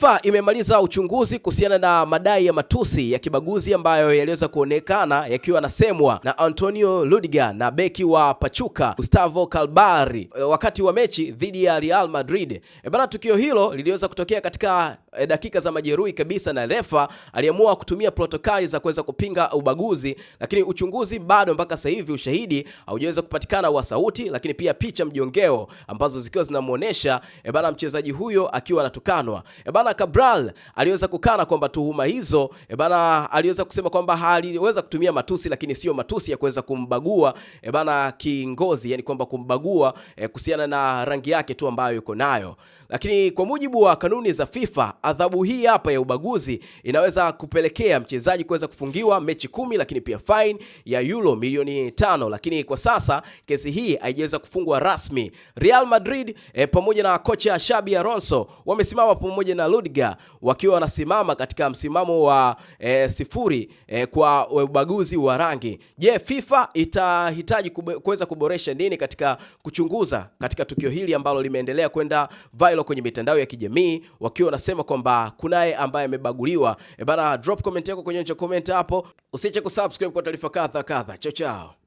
FIFA imemaliza uchunguzi kuhusiana na madai ya matusi ya kibaguzi ambayo yaliweza kuonekana yakiwa yanasemwa na Antonio Rudiger na beki wa Pachuca Gustavo kalbari eh, wakati wa mechi dhidi ya Real Madrid. E bana, tukio hilo liliweza kutokea katika e, dakika za majeruhi kabisa, na refa aliamua kutumia protokali za kuweza kupinga ubaguzi, lakini uchunguzi bado mpaka sasa hivi ushahidi haujaweza kupatikana wa sauti, lakini pia picha mjongeo ambazo zikiwa zinamuonesha e, bana mchezaji huyo akiwa anatukanwa. E, bana Cabral aliweza kukana kwamba tuhuma hizo e, bana aliweza kusema kwamba aliweza kutumia matusi, lakini sio matusi ya kuweza kumbagua e, bana kingozi, yani kwamba kumbagua e, kuhusiana na rangi yake tu ambayo yuko nayo, lakini kwa mujibu wa kanuni za FIFA adhabu hii hapa ya ubaguzi inaweza kupelekea mchezaji kuweza kufungiwa mechi kumi, lakini pia fine ya euro milioni tano. Lakini kwa sasa kesi hii haijaweza kufungwa rasmi. Real Madrid e, pamoja na kocha Xabi Alonso wamesimama pamoja na Rudiger wakiwa wanasimama katika msimamo wa e, sifuri e, kwa ubaguzi wa rangi. Je, FIFA itahitaji kuweza kuboresha nini katika kuchunguza katika tukio hili ambalo limeendelea kwenda viral kwenye mitandao ya kijamii wakiwa wanasema kwamba kunaye ambaye amebaguliwa. E bana, drop comment yako kwenye comment hapo, usiache kusubscribe kwa taarifa kadha kadha. Chao chao.